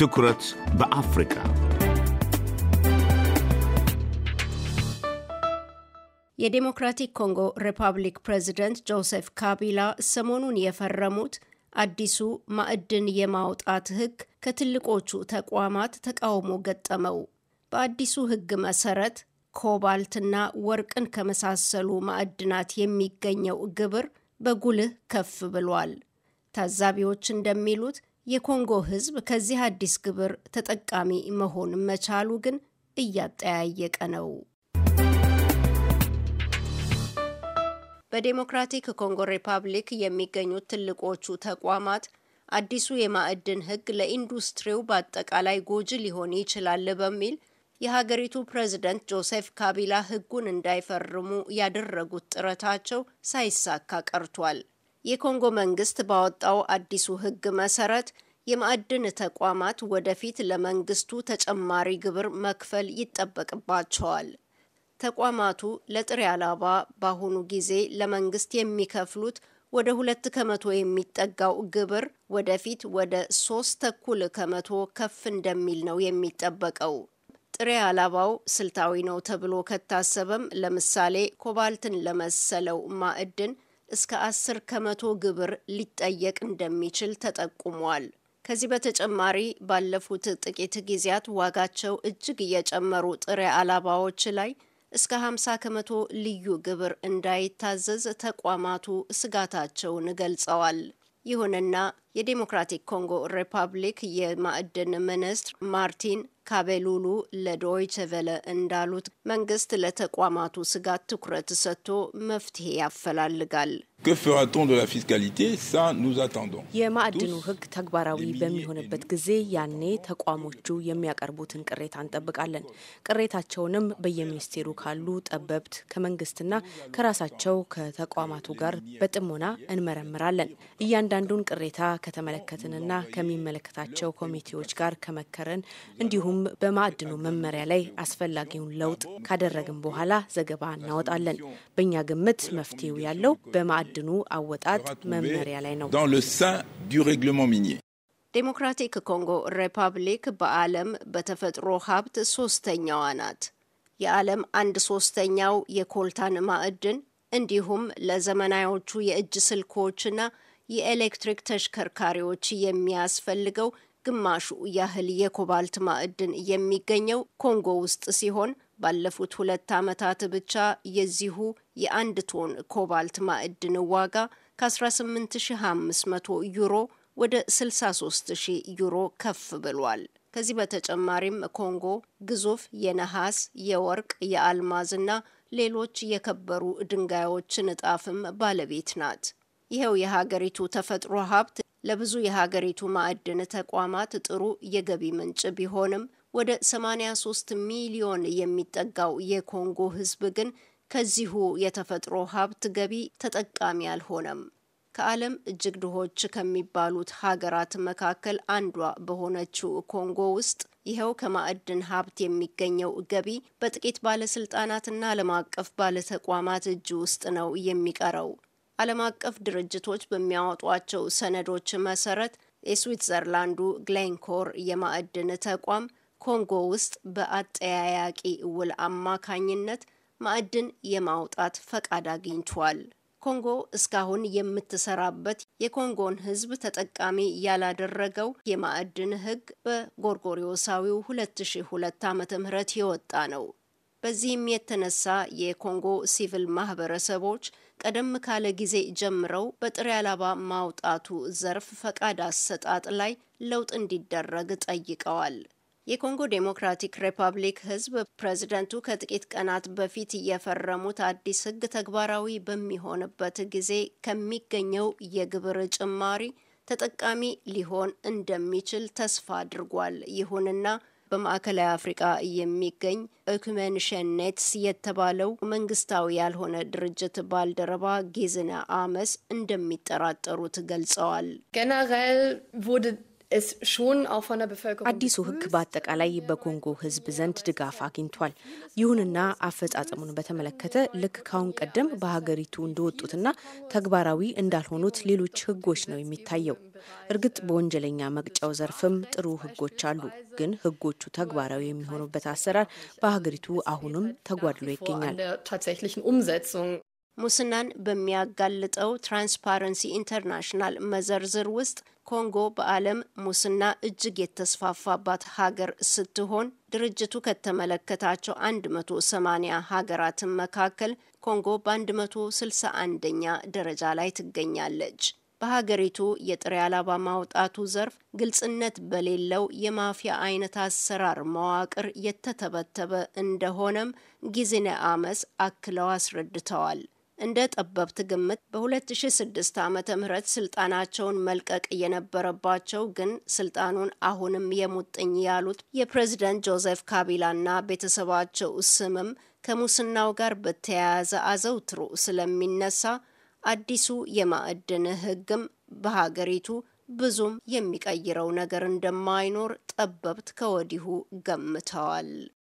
ትኩረት በአፍሪካ የዴሞክራቲክ ኮንጎ ሪፐብሊክ ፕሬዚደንት ጆሴፍ ካቢላ ሰሞኑን የፈረሙት አዲሱ ማዕድን የማውጣት ሕግ ከትልቆቹ ተቋማት ተቃውሞ ገጠመው። በአዲሱ ሕግ መሰረት ኮባልትና ወርቅን ከመሳሰሉ ማዕድናት የሚገኘው ግብር በጉልህ ከፍ ብሏል። ታዛቢዎች እንደሚሉት የኮንጎ ሕዝብ ከዚህ አዲስ ግብር ተጠቃሚ መሆን መቻሉ ግን እያጠያየቀ ነው። በዴሞክራቲክ ኮንጎ ሪፐብሊክ የሚገኙት ትልቆቹ ተቋማት አዲሱ የማዕድን ሕግ ለኢንዱስትሪው በአጠቃላይ ጎጂ ሊሆን ይችላል በሚል የሀገሪቱ ፕሬዝደንት ጆሴፍ ካቢላ ሕጉን እንዳይፈርሙ ያደረጉት ጥረታቸው ሳይሳካ ቀርቷል። የኮንጎ መንግስት ባወጣው አዲሱ ህግ መሰረት የማዕድን ተቋማት ወደፊት ለመንግስቱ ተጨማሪ ግብር መክፈል ይጠበቅባቸዋል። ተቋማቱ ለጥሬ አላባ በአሁኑ ጊዜ ለመንግስት የሚከፍሉት ወደ ሁለት ከመቶ የሚጠጋው ግብር ወደፊት ወደ ሶስት ተኩል ከመቶ ከፍ እንደሚል ነው የሚጠበቀው። ጥሬ አላባው ስልታዊ ነው ተብሎ ከታሰበም ለምሳሌ ኮባልትን ለመሰለው ማዕድን እስከ 10 ከመቶ ግብር ሊጠየቅ እንደሚችል ተጠቁሟል። ከዚህ በተጨማሪ ባለፉት ጥቂት ጊዜያት ዋጋቸው እጅግ እየጨመሩ ጥሬ አላባዎች ላይ እስከ 50 ከመቶ ልዩ ግብር እንዳይታዘዝ ተቋማቱ ስጋታቸውን ገልጸዋል። ይሁንና የዴሞክራቲክ ኮንጎ ሪፐብሊክ የማዕድን ሚኒስትር ማርቲን ካቤሉሉ ለዶይቸ ቬለ እንዳሉት መንግስት ለተቋማቱ ስጋት ትኩረት ሰጥቶ መፍትሄ ያፈላልጋል። የማዕድኑ ሕግ ተግባራዊ በሚሆንበት ጊዜ ያኔ ተቋሞቹ የሚያቀርቡትን ቅሬታ እንጠብቃለን። ቅሬታቸውንም በየሚኒስቴሩ ካሉ ጠበብት ከመንግስትና ከራሳቸው ከተቋማቱ ጋር በጥሞና እንመረምራለን። እያንዳንዱን ቅሬታ ከተመለከትንና ከሚመለከታቸው ኮሚቴዎች ጋር ከመከረን እንዲሁም በማዕድኑ መመሪያ ላይ አስፈላጊውን ለውጥ ካደረግን በኋላ ዘገባ እናወጣለን። በእኛ ግምት መፍትሄው ያለው በማ የማዕድኑ አወጣጥ መመሪያ ላይ ነው። ዴሞክራቲክ ኮንጎ ሪፐብሊክ በዓለም በተፈጥሮ ሀብት ሶስተኛዋ ናት። የዓለም አንድ ሶስተኛው የኮልታን ማዕድን እንዲሁም ለዘመናዎቹ የእጅ ስልኮችና የኤሌክትሪክ ተሽከርካሪዎች የሚያስፈልገው ግማሹ ያህል የኮባልት ማዕድን የሚገኘው ኮንጎ ውስጥ ሲሆን ባለፉት ሁለት ዓመታት ብቻ የዚሁ የአንድ ቶን ኮባልት ማዕድን ዋጋ ከ18500 ዩሮ ወደ 63000 ዩሮ ከፍ ብሏል። ከዚህ በተጨማሪም ኮንጎ ግዙፍ የነሐስ፣ የወርቅ፣ የአልማዝና ሌሎች የከበሩ ድንጋዮችን እጣፍም ባለቤት ናት። ይኸው የሀገሪቱ ተፈጥሮ ሀብት ለብዙ የሀገሪቱ ማዕድን ተቋማት ጥሩ የገቢ ምንጭ ቢሆንም ወደ 83 ሚሊዮን የሚጠጋው የኮንጎ ሕዝብ ግን ከዚሁ የተፈጥሮ ሀብት ገቢ ተጠቃሚ አልሆነም። ከዓለም እጅግ ድሆች ከሚባሉት ሀገራት መካከል አንዷ በሆነችው ኮንጎ ውስጥ ይኸው ከማዕድን ሀብት የሚገኘው ገቢ በጥቂት ባለስልጣናትና ዓለም አቀፍ ባለተቋማት እጅ ውስጥ ነው የሚቀረው። ዓለም አቀፍ ድርጅቶች በሚያወጧቸው ሰነዶች መሰረት የስዊትዘርላንዱ ግሌንኮር የማዕድን ተቋም ኮንጎ ውስጥ በአጠያያቂ ውል አማካኝነት ማዕድን የማውጣት ፈቃድ አግኝቷል። ኮንጎ እስካሁን የምትሰራበት የኮንጎን ሕዝብ ተጠቃሚ ያላደረገው የማዕድን ሕግ በጎርጎሪዮሳዊው 2002 ዓ.ም የወጣ ነው። በዚህም የተነሳ የኮንጎ ሲቪል ማህበረሰቦች ቀደም ካለ ጊዜ ጀምረው በጥሬ አላባ ማውጣቱ ዘርፍ ፈቃድ አሰጣጥ ላይ ለውጥ እንዲደረግ ጠይቀዋል። የኮንጎ ዴሞክራቲክ ሪፐብሊክ ሕዝብ ፕሬዝደንቱ ከጥቂት ቀናት በፊት የፈረሙት አዲስ ህግ ተግባራዊ በሚሆንበት ጊዜ ከሚገኘው የግብር ጭማሪ ተጠቃሚ ሊሆን እንደሚችል ተስፋ አድርጓል። ይሁንና በማዕከላዊ አፍሪቃ የሚገኝ እኩመን የተባለው መንግስታዊ ያልሆነ ድርጅት ባልደረባ ጌዝነ አመስ እንደሚጠራጠሩት ገልጸዋል። አዲሱ ህግ በአጠቃላይ በኮንጎ ህዝብ ዘንድ ድጋፍ አግኝቷል። ይሁንና አፈጻጸሙን በተመለከተ ልክ ካሁን ቀደም በሀገሪቱ እንደወጡትና ተግባራዊ እንዳልሆኑት ሌሎች ህጎች ነው የሚታየው። እርግጥ በወንጀለኛ መቅጫው ዘርፍም ጥሩ ህጎች አሉ። ግን ህጎቹ ተግባራዊ የሚሆኑበት አሰራር በሀገሪቱ አሁንም ተጓድሎ ይገኛል። ሙስናን በሚያጋልጠው ትራንስፓረንሲ ኢንተርናሽናል መዘርዝር ውስጥ ኮንጎ በዓለም ሙስና እጅግ የተስፋፋባት ሀገር ስትሆን ድርጅቱ ከተመለከታቸው 180 ሀገራትን መካከል ኮንጎ በ161ኛ ደረጃ ላይ ትገኛለች። በሀገሪቱ የጥሬ አላባ ማውጣቱ ዘርፍ ግልጽነት በሌለው የማፊያ አይነት አሰራር መዋቅር የተተበተበ እንደሆነም ጊዜነ አመስ አክለው አስረድተዋል። እንደ ጠበብት ግምት በ2006 ዓ ም ስልጣናቸውን መልቀቅ የነበረባቸው ግን ስልጣኑን አሁንም የሙጥኝ ያሉት የፕሬዝደንት ካቢላ ካቢላና ቤተሰባቸው ስምም ከሙስናው ጋር በተያያዘ አዘውትሮ ስለሚነሳ አዲሱ የማዕድን ሕግም በሀገሪቱ ብዙም የሚቀይረው ነገር እንደማይኖር ጠበብት ከወዲሁ ገምተዋል።